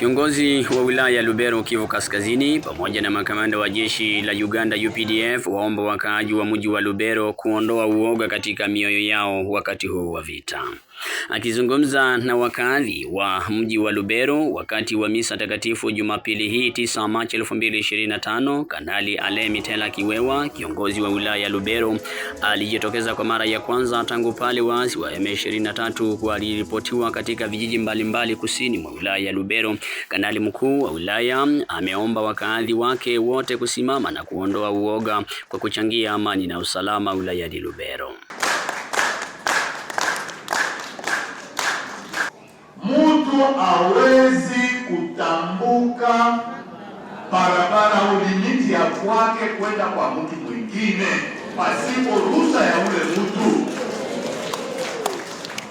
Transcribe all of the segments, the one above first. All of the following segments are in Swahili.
Kiongozi wa wilaya ya Lubero, Kivu Kaskazini, pamoja na makamanda wa jeshi la Uganda UPDF waomba wakaaji wa mji wa Lubero kuondoa uoga katika mioyo yao wakati huu wa vita. Akizungumza na wakazi wa mji wa Lubero wakati wa misa takatifu Jumapili hii 9 Machi 2025, Kanali Alemi Tela Kiwewa, kiongozi wa wilaya ya Lubero, alijitokeza kwa mara ya kwanza tangu pale waasi wa M23 waliripotiwa katika vijiji mbalimbali kusini mwa wilaya ya Lubero. Kanali mkuu wa wilaya ameomba wakazi wake wote kusimama na kuondoa uoga kwa kuchangia amani na usalama wilayani Lubero. hawezi kutambuka barabara au limiti ya kwake kwenda kwa mtu mwingine pasipo ruhusa ya ule mtu,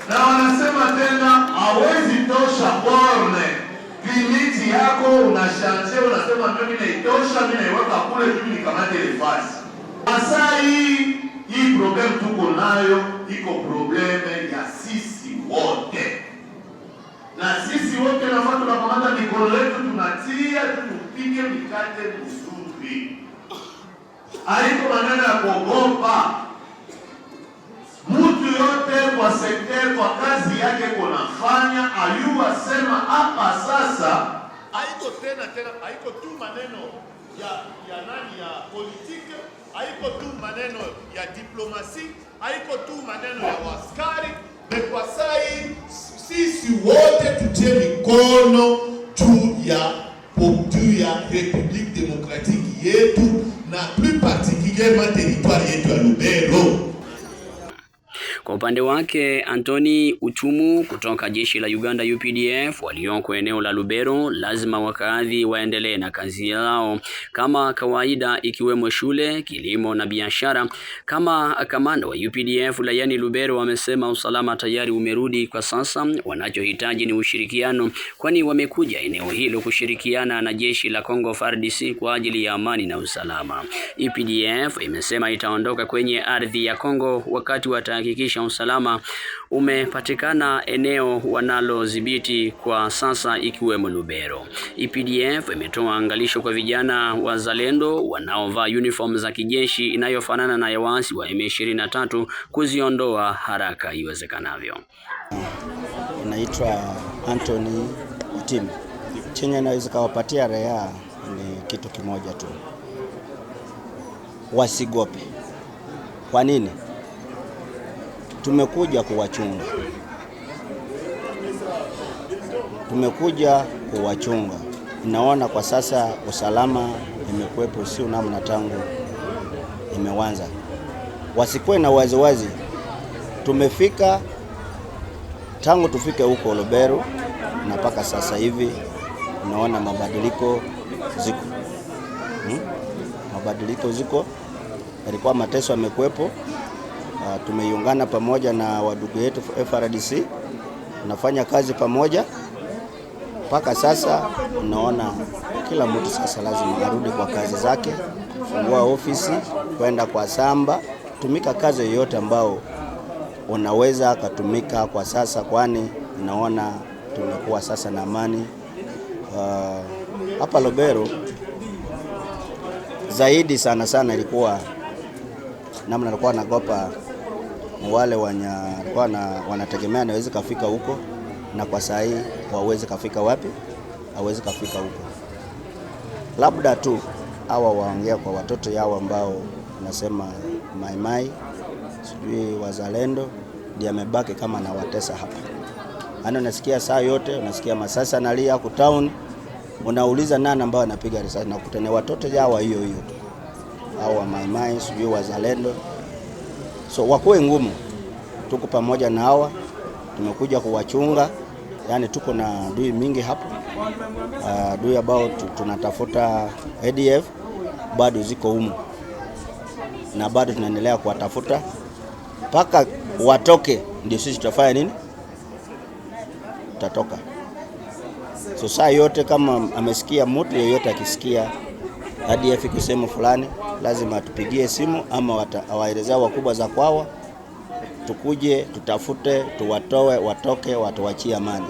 na wanasema tena hawezi tosha borne limiti yako, unashanzia unasema mimi naitosha, mimi naiweka kule mimi nikamate ile fasi. hii hii tuko nayo iko probleme ya sisi na sisi wote nafaa tunakamata mikono yetu tunatia tupige mikate mizuri. Haiko maneno ya kuogopa mtu yote kwa sekte, kwa kazi yake kunafanya sema hapa sasa, haiko tena tena, haiko tu maneno ya ya nani ya politike, haiko tu maneno ya diplomasi, haiko tu maneno ya waskari Nikuwasai sisi wote tutie mikono juu ya juu ya Republique Democratique yetu na plus particulièrement territoire yetu ya Lubero. Kwa upande wake Anthony Utumu kutoka jeshi la Uganda UPDF walioko eneo la Lubero, lazima wakaadhi waendelee na kazi yao kama kawaida, ikiwemo shule, kilimo na biashara. Kama kamanda wa UPDF layani Lubero wamesema usalama tayari umerudi kwa sasa, wanachohitaji ni ushirikiano, kwani wamekuja eneo hilo kushirikiana na jeshi la congo FARDC kwa ajili ya amani na usalama. UPDF imesema itaondoka kwenye ardhi ya congo wakati watahakikisha kuhakikisha usalama umepatikana eneo wanalodhibiti kwa sasa, ikiwemo Lubero. EPDF imetoa angalisho kwa vijana wazalendo wanaovaa uniform za kijeshi inayofanana na ya waasi wa M23 kuziondoa haraka iwezekanavyo. Naitwa Anthony Tim. Chenye naweza kawapatia raia ni kitu kimoja tu, wasigope. Kwa nini? tumekuja kuwachunga, tumekuja kuwachunga. Naona kwa sasa usalama imekuwepo, sio namna tangu imeanza, wasikuwe na waziwazi. Tumefika tangu tufike huko Lubero na mpaka sasa hivi naona mabadiliko ziko hmm? mabadiliko ziko, yalikuwa mateso yamekuwepo Uh, tumeiungana pamoja na wadugu yetu FRDC, tunafanya kazi pamoja mpaka sasa. Naona kila mtu sasa lazima arudi kwa kazi zake, kufungua ofisi, kwenda kwa samba, tumika kazi yoyote ambao unaweza akatumika kwa sasa, kwani naona tumekuwa sasa na amani ah, hapa uh, Lobero zaidi sana sana ilikuwa namna alikuwa nagopa wale wale wana, wanategemea nawezi kafika huko na kwa saa hii wawezi kafika wapi, awezi kafika huko, labda tu hawa waongea kwa watoto yao ambao nasema maimai sijui wazalendo ndio amebaki kama nawatesa hapa. Ana yaani unasikia saa yote, unasikia masasa analia huko town, unauliza nani ambao anapiga risasi, nakuta ni watoto yao hiyo hiyo tu, au wa maimai sijui wazalendo. So wakuwe ngumu, tuko pamoja na hawa, tumekuja kuwachunga, yaani tuko na dui mingi hapo. Uh, ah, dui ambao tunatafuta ADF bado ziko humu na bado tunaendelea kuwatafuta mpaka watoke, ndio sisi tutafanya nini, tutatoka. So saa yote kama amesikia mtu yeyote akisikia hadi yafiku sehemu fulani, lazima tupigie simu ama awaelezea wakubwa za kwawa, tukuje tutafute, tuwatoe, watoke, watuachie amani.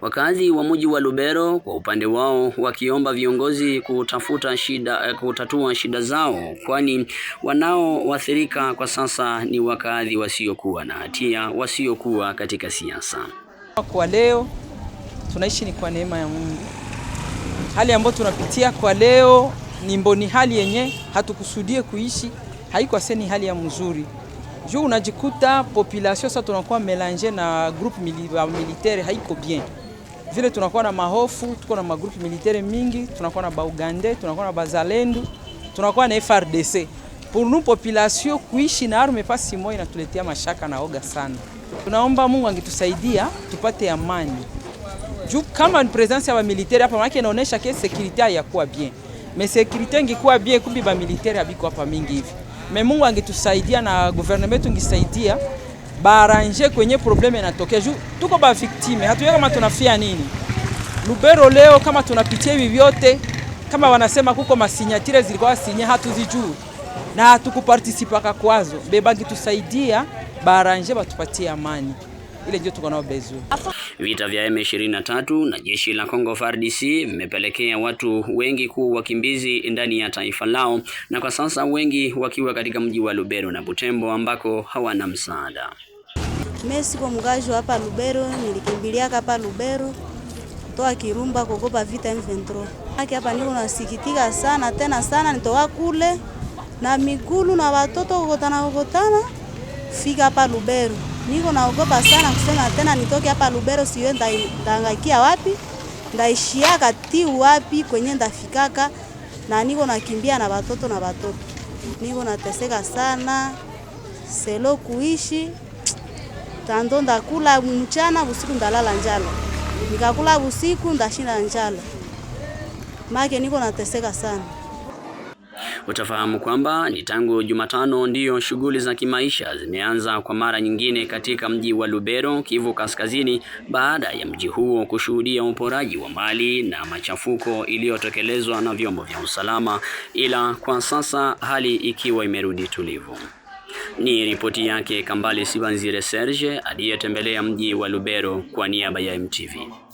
Wakazi wa mji wa Lubero kwa upande wao wakiomba viongozi kutafuta shida, eh, kutatua shida zao, kwani wanaoathirika kwa sasa ni wakazi wasiokuwa na hatia, wasiokuwa katika siasa. Kwa leo tunaishi ni kwa neema ya Mungu. Hali ambayo tunapitia kwa leo ni mboni, hali yenye hatukusudie kuishi, haiko seni hali ya mzuri juu unajikuta population sasa tunakuwa melange na group militaire, haiko bien vile. Tunakuwa na mahofu, tuko na magroupe militaire mingi, tunakuwa na baugande, tunakuwa na bazalendu, tunakuwa na FRDC. Pour nous population kuishi na arme pasi moja inatuletea mashaka na oga sana. Tunaomba Mungu angetusaidia tupate amani juu kama ni presence ya ba militaire hapa, maana inaonyesha ke security hayakuwa bien, Me security ingekuwa bien kumbi ba militaire abiko hapa mingi hivi. Me Mungu angetusaidia na government ungisaidia baaranje kwenye probleme inatokea juu tuko ba victime, hatujui kama tunafia nini Lubero leo, kama tunapitia hivi vyote, kama wanasema kuko masinyatire zilikuwa sinye, hatuzijui na hatukupartisipaka kwazo. Bebangi tusaidia baranje, batupatie amani, ile ndio tuko nao bezu Vita vya M23 na jeshi la Congo FARDC vimepelekea watu wengi kuwa wakimbizi ndani ya taifa lao, na kwa sasa wengi wakiwa katika mji wa Lubero na Butembo ambako hawana msaada. Mimi siko mgaju hapa Lubero, nilikimbilia hapa Lubero toa Kirumba kuogopa vita M23. Haki hapa niko nasikitika sana tena sana, nitoa kule na migulu na watoto kokotana kokotana fika hapa Lubero niko naogopa sana kusema tena, nitoke hapa Lubero, siwe ndangaikia wapi, ndaishiaka ti wapi kwenye ndafikaka, na niko nakimbia na watoto na watoto, niko nateseka sana selo kuishi tando, ndakula mchana, busiku ndalala njala, nikakula usiku ndashinda njala, make niko nateseka sana utafahamu kwamba ni tangu Jumatano ndiyo shughuli za kimaisha zimeanza kwa mara nyingine katika mji wa Lubero, Kivu Kaskazini, baada ya mji huo kushuhudia uporaji wa mali na machafuko iliyotekelezwa na vyombo vya usalama, ila kwa sasa hali ikiwa imerudi tulivu. Ni ripoti yake Kambale Sibanzire Serge aliyetembelea mji wa Lubero kwa niaba ya MTV.